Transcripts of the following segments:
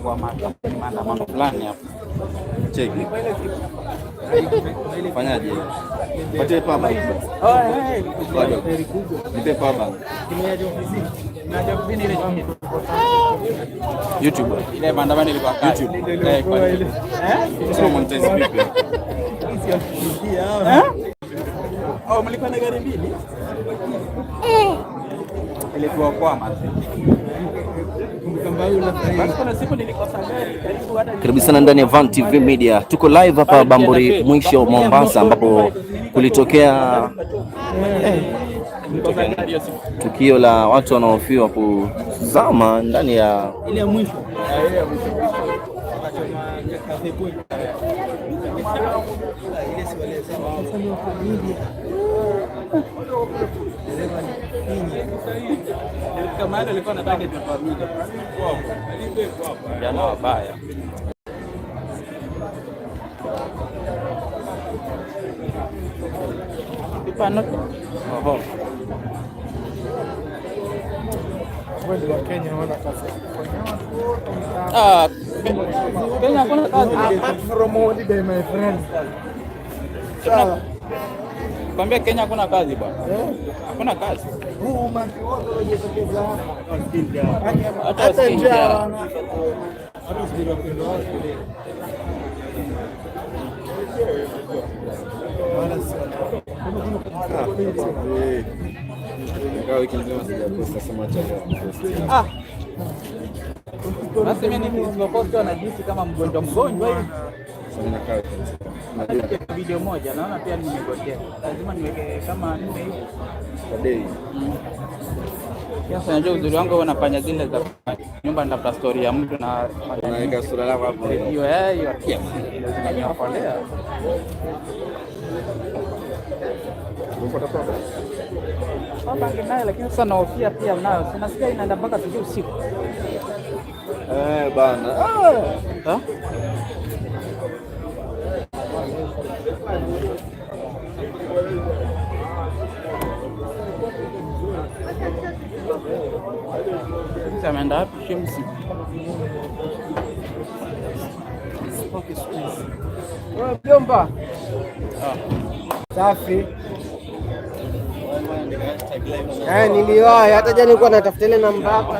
tuko kwa maandamano fulani hapa, cheki fanyaje? Patie paba, nipe paba YouTube ile maandamano ilikuwa eh? eh? oh, mlikuwa na gari mbili, eh. kwa kwama karibu sana ndani ya Van TV Media, tuko live hapa Bamburi mwisho Mombasa, ambapo kulitokea eh, tukio la watu wanaofiwa kuzama ndani ya Alifika mahali alikuwa anataka familia jana wabaya ah, Kenya, hakuna kazi apart from holiday my friend. Kwambia Kenya hakuna kazi bwana. Eh? Hakuna kazi. Huu wote hapa. Hata hata njaa. Hata ah. Basi mimi na jinsi kama mgonjwa mgonjwa hivi video moja naona pia nimegojea, lazima niweke kama nne hivi. Sasa najua uzuri wangu wanafanya zile za nyumba, natafuta story ya mtu na naweka sura yako hapo, hiyo eh, hiyo lazima niwakolea nayo, lakini sasa naofia pia nayo, nasikia inaenda mpaka sijui usiku eh, bana Ameenda wapi Shemsi? Mjomba safi. Eh, niliwahi hata jana nilikuwa natafuta ile namba yako.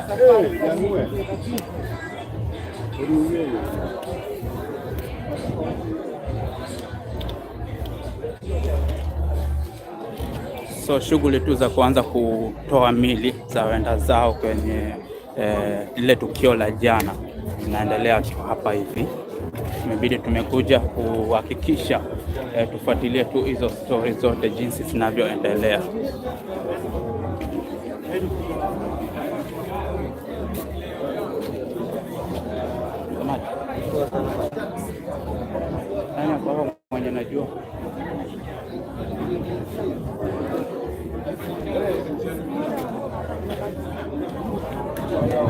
So shughuli tu za kuanza kutoa mili za wenda zao kwenye eh, lile eh, tukio la jana inaendelea hapa hivi. Imebidi tumekuja kuhakikisha eh, tufuatilie tu hizo stori zote jinsi zinavyoendelea. mwenye najua Ah,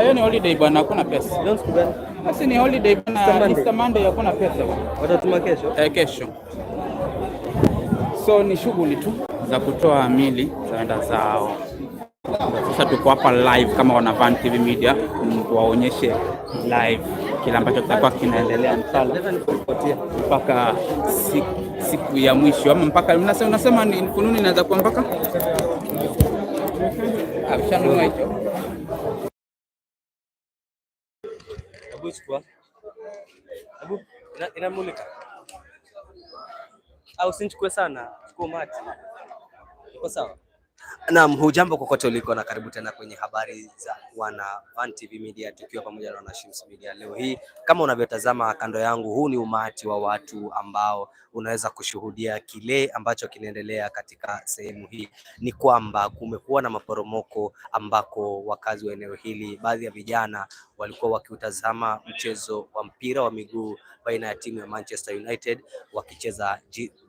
hiyo ni holiday bwana, hakuna pesa. Basi ni holiday bwana, Easter Monday hakuna pesa. Watatuma kesho? Eh, kesho. So ni shughuli tu za kutoa mili za wenda zao. Sasa tuko hapa live kama wana Van TV Media tuwaonyeshe live kile ambacho kitakuwa kinaendelea msala mpaka siku, siku ya mwisho ama mpaka unasema, unasema ni fununi inaweza kuwa mpaka abishanunua inamulika au sinchukue sana chukua mati, iko sawa Naam, hujambo kokote uliko na karibu tena kwenye habari za wana Van TV Media, tukiwa pamoja na Wanashims Media. Leo hii kama unavyotazama kando yangu, huu ni umati wa watu ambao unaweza kushuhudia kile ambacho kinaendelea katika sehemu hii. Ni kwamba kumekuwa na maporomoko ambako wakazi wa eneo hili, baadhi ya vijana walikuwa wakiutazama mchezo wa mpira wa miguu baina ya timu ya Manchester United wakicheza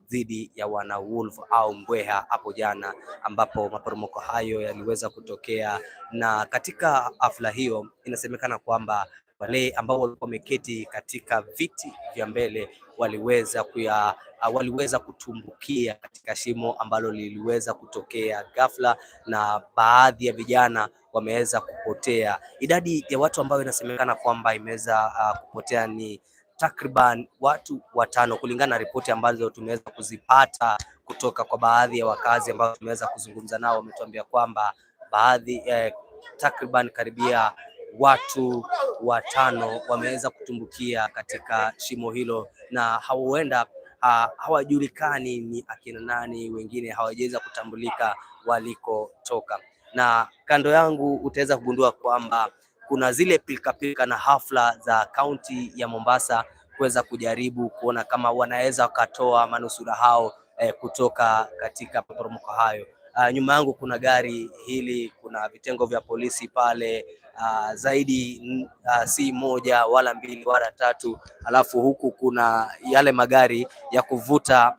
dhidi ya wana Wolf au mbweha hapo jana, ambapo maporomoko hayo yaliweza kutokea, na katika hafla hiyo inasemekana kwamba wale ambao walikuwa wameketi katika viti vya mbele waliweza kuya, waliweza kutumbukia katika shimo ambalo liliweza kutokea ghafla, na baadhi ya vijana wameweza kupotea. Idadi ya watu ambayo inasemekana kwamba imeweza uh, kupotea ni takriban watu watano, kulingana na ripoti ambazo tumeweza kuzipata kutoka kwa baadhi ya wakazi ambao tumeweza kuzungumza nao. Wametuambia kwamba baadhi eh, takriban karibia watu watano wameweza kutumbukia katika shimo hilo na huenda ha, hawajulikani ni akina nani, wengine hawajaweza kutambulika walikotoka. Na kando yangu utaweza kugundua kwamba kuna zile pilikapilika na hafla za kaunti ya Mombasa kuweza kujaribu kuona kama wanaweza wakatoa manusura hao eh, kutoka katika maporomoko hayo. Uh, nyuma yangu kuna gari hili, kuna vitengo vya polisi pale uh, zaidi uh, si moja wala mbili wala tatu, alafu huku kuna yale magari ya kuvuta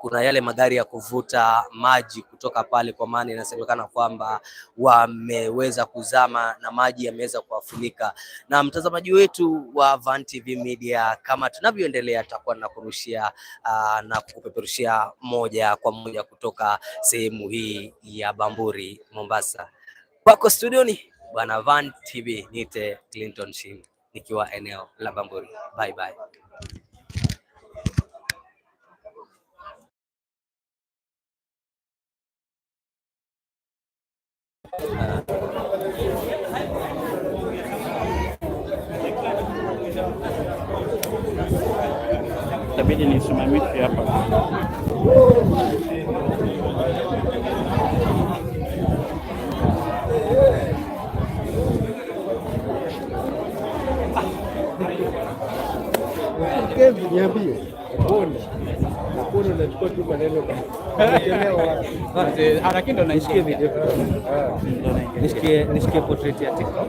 kuna yale magari ya kuvuta maji kutoka pale, kwa maana inasemekana kwamba wameweza kuzama na maji yameweza kuwafunika. Na mtazamaji wetu wa Van TV Media, kama tunavyoendelea, tutakuwa na kurushia uh, na kupeperushia moja kwa moja kutoka sehemu hii ya Bamburi Mombasa, kwako studioni bwana Van TV. Nite Clinton Shin nikiwa eneo la Bamburi. Bye bye. Tapi itabidi nisimamishe hapa lakini ndo naishikie video, nishikie portrait ya TikTok.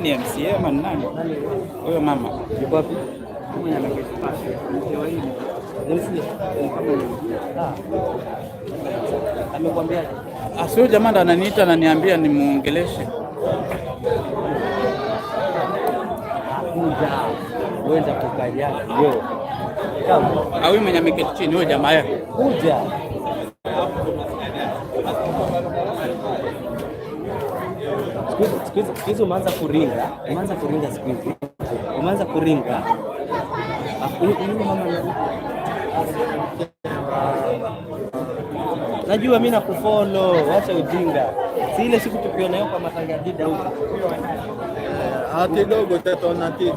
Ni MCA ama nani huyo mama? Yuko wapi? Asio ah, jamaa ndo ananiita ananiambia nimuongeleshe kuweza kukaliana ndio au mwenye ameketi chini, wewe jamaa yako kuja hizi umeanza kuringa, umeanza kuringa siku hizi, umeanza kuringa Najua mimi nakufollow, wacha ujinga. Si ile siku tukiona yako kwa matanga dida huko. Eh, hata dogo tatona kitu.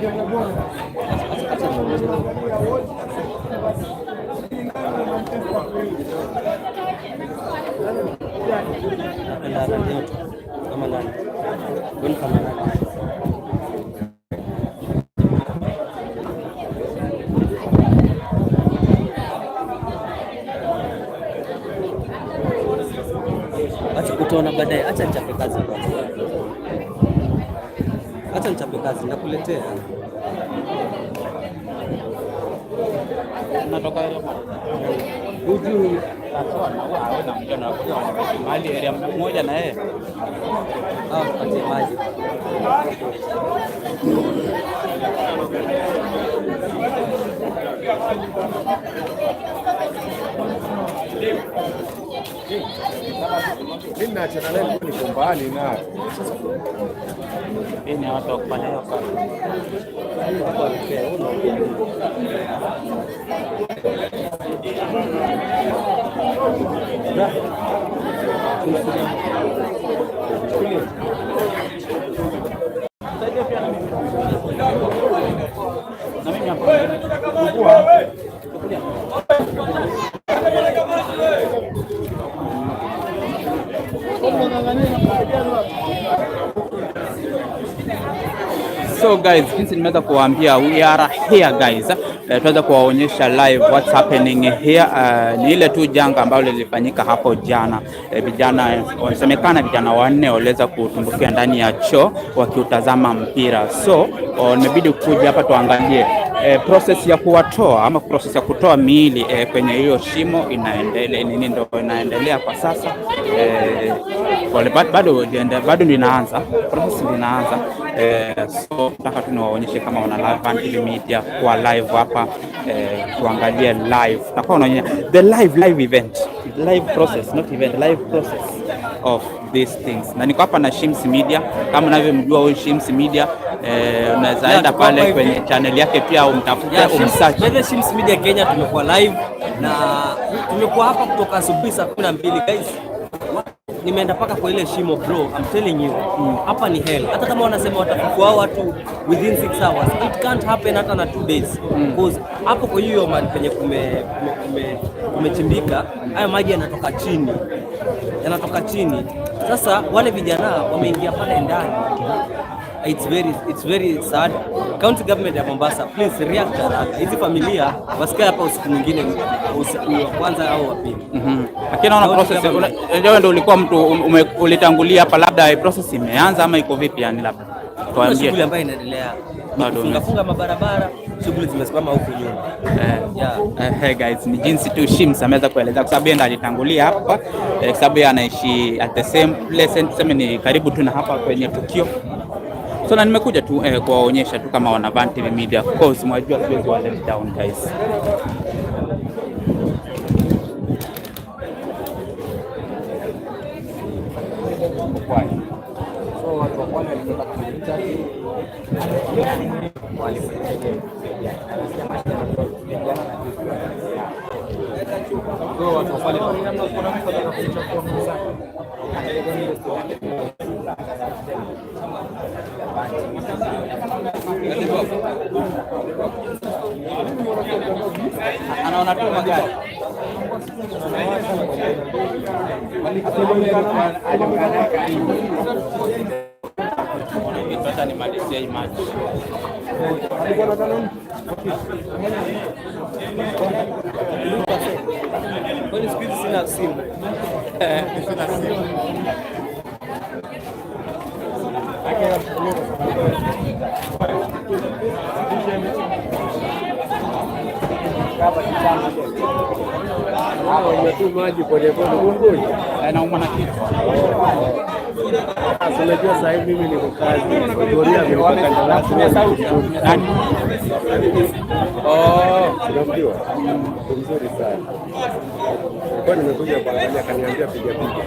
kuja kwa Bwana. niko mbali na ini watu wakufanya hiyo kazi So guys, jinsi nimeweza kuwaambia we are here guys. Uh, eh, tuweza kuwaonyesha live what's happening here. Uh, ni ile tu janga ambalo lilifanyika hapo jana. Eh, vijana uh, wanasemekana vijana wanne waliweza kutumbukia ndani ya choo wakiutazama mpira, so uh, oh, nimebidi kuja hapa tuangalie eh, process ya kuwatoa ama process ya kutoa miili eh, kwenye hiyo shimo inaendelea, nini ndo inaendelea kwa sasa eh, wale, bado bado linaanza process linaanza eh, so nataka tu niwaonyeshe kama wana live TV media kwa live hapa e, tuangalie live, tutakuwa unaonyesha the live live event live process not event live process of these things, na niko hapa na Shims Media kama unavyomjua huyu Shims Media eh, unaweza enda pale kwenye channel yake pia umtafute umsearch Shims Media Kenya. Tumekuwa live na tumekuwa hapa kutoka asubuhi saa 12 guys nimeenda paka kwa ile shimo bro, I'm telling you mm, hapa mm. ni hell. Hata kama wanasema watafukua watu within 6 hours it can't happen hata na 2 days mm. because hapo kwa hiyo man penye kumechimbika kume, kume, kume hayo maji yanatoka chini yanatoka chini. Sasa wale vijana wameingia pale ndani. It's very, it's very sad. County government ya Mombasa, please react haraka. Hizi familia wasikae hapa usiku mwingine, usiku wa kwanza au wa pili. Mhm. Lakini naona process, wewe ndio ulikuwa mtu ulitangulia hapa, labda process imeanza ama iko vipi yani labda kwa shughuli ambayo inaendelea funga mabarabara, shughuli zimesimama huko nyuma. Eh, eh guys, ni jinsi tu Shims ameweza kueleza, kwa sababu yeye ndiye alitangulia hapa, eh, kwa sababu yeye anaishi at the same place, tuseme ni karibu tu na hapa kwenye tukio. So na nimekuja tu eh, kuwaonyesha tu kama wana Van TV Media. Of course mwajua siwezi wa let down guys. Why? anaona tu magari tumalizie maji. Kwani siku hizi sina simu. Hawa ni tu maji polepole, anaumwa eh, na kichwa. Oh, oh, oh. Unajua sasa mimi niko kazi Goria, nilikuwa kandarasi unamjua mzuri sana kwa nimekuja kuangalia, akaniambia piga piga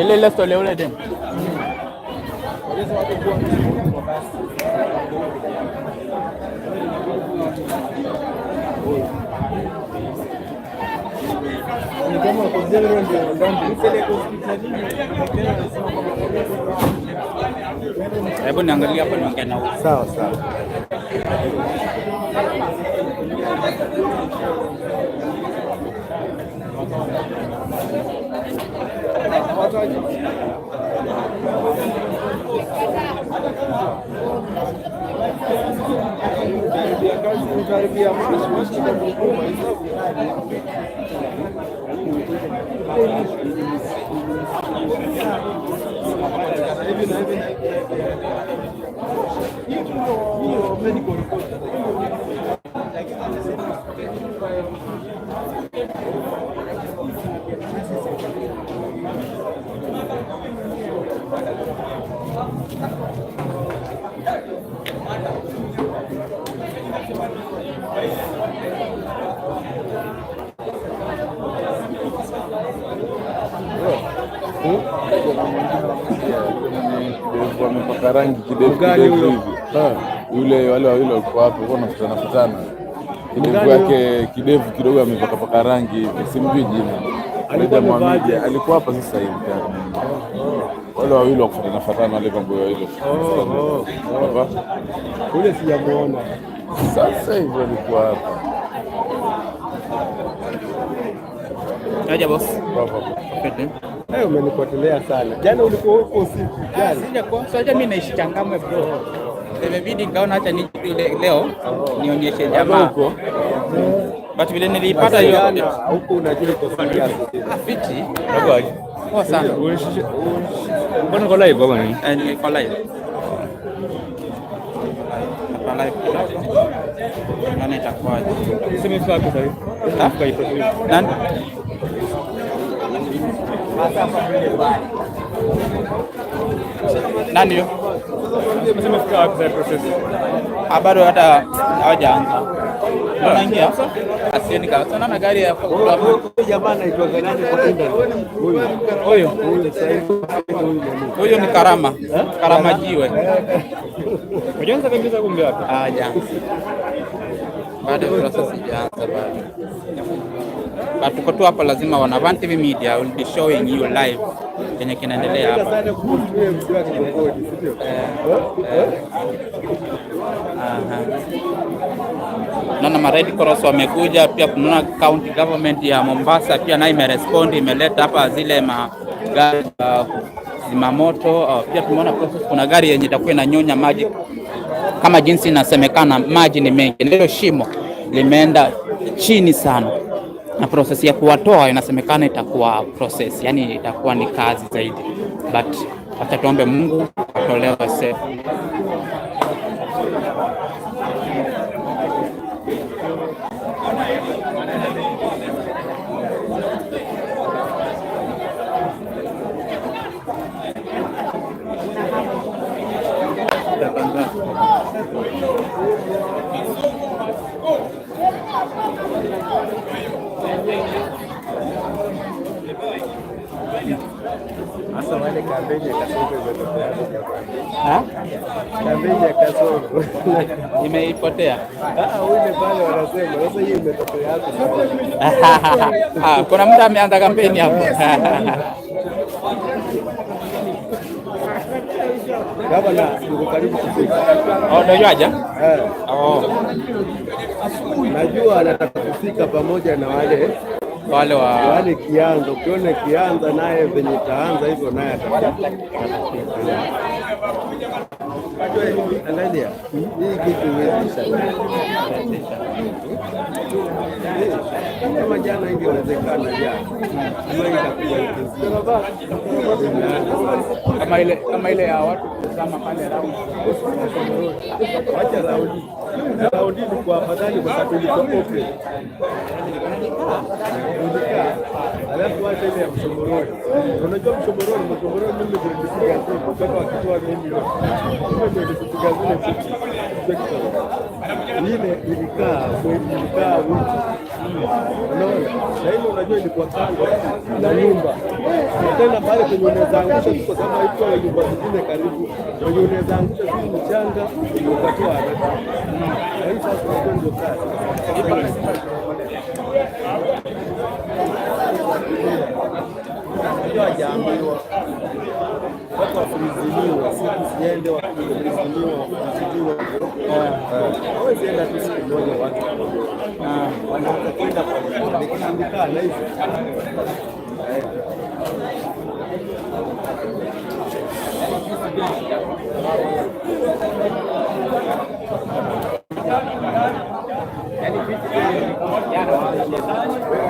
ile ile stole ule dem hebu niangalia hapa, niongea nao. Sawa sawa. watangazaji karibia medical report karangi kidevu kidevu hivi yule wale wawili walikuwa hapo, walikuwa wanafutana futana, kidevu yake kidevu kidogo amepakapaka rangi hivi, simjui jina, alikuwa hapa sasa hivi wale wawili wa wakufutana fatana, wale mambo oh, oh, oh. ya hilo ule sijamuona sasa hivi, alikuwa hapa aja boss Eh, umenipotelea sana. Jana yaani ulikuwa huko usiku. Yaani? Ah, Jana. Sasa mimi naishi Changamwe bro. Imebidi nikaona hata nije leo nionyeshe jamaa huko. But vile nilipata hiyo huko unajua uko ah, fiti. Poa sana. Mbona uko live baba ni? Eh, live. Nani? Nani ah, bado hata hawajaanza naingia asioni kabisa, naona gari ya huyo huyo ni Karama eh? Karama Jiwe. Ujaanza kabisa kumbe wapi? Ah, jana bado kurasa sijaanza bado, but tuko tu hapa, lazima Wanavan TV Media will be showing you live yenye kinaendelea hapa. Eh, eh, eh. Naona ma Red Cross wamekuja pia, kunaona county government ya Mombasa pia naye imerespond, imeleta hapa zile magari zimamoto. Oh, pia tumeona kuna gari yenye itakuwa inanyonya maji kama jinsi inasemekana, maji ni mengi ndio shimo limeenda chini sana, na prosesi ya kuwatoa inasemekana itakuwa prosesi, yani itakuwa ni kazi zaidi, but acha tuombe Mungu atolewe safe. kasoko kasoko imeipotea. Ah, ah, kuna mtu ameanza kampeni hapo. Gavana, karibu kufika. Oh, ndio aja? Eh. Oh. Najua anataka kufika pamoja na wale wale wa wale yaani kianza, ukiona kianza naye venye taanza hivyo naye Angalia hii kitu kama jana kama ile ya watu kuzama pale raundi, raundi, ni kwa afadhali kwa sababu ni kwa alafu hata ile ya mshomoroni, unajua mshomoroni, mshomoroni mimi ndio mimi nilipiga zile ile ilikaa ilikaa Unaona, na ile unajua ilikuwa kando na nyumba tena pale kwenye unaweza angusha tu, kwa sababu haikuwa na nyumba zingine karibu, kwenye unaweza angusha tu mchanga ukatoa haraka. Hii sasa ndio kazi bado hajaambiwa watu wafiliziliwa siku ziende, wafiliziliwa wafiliziliwa, hawezi enda tu siku moja, watu wanaweza kwenda kwa lakini andikaa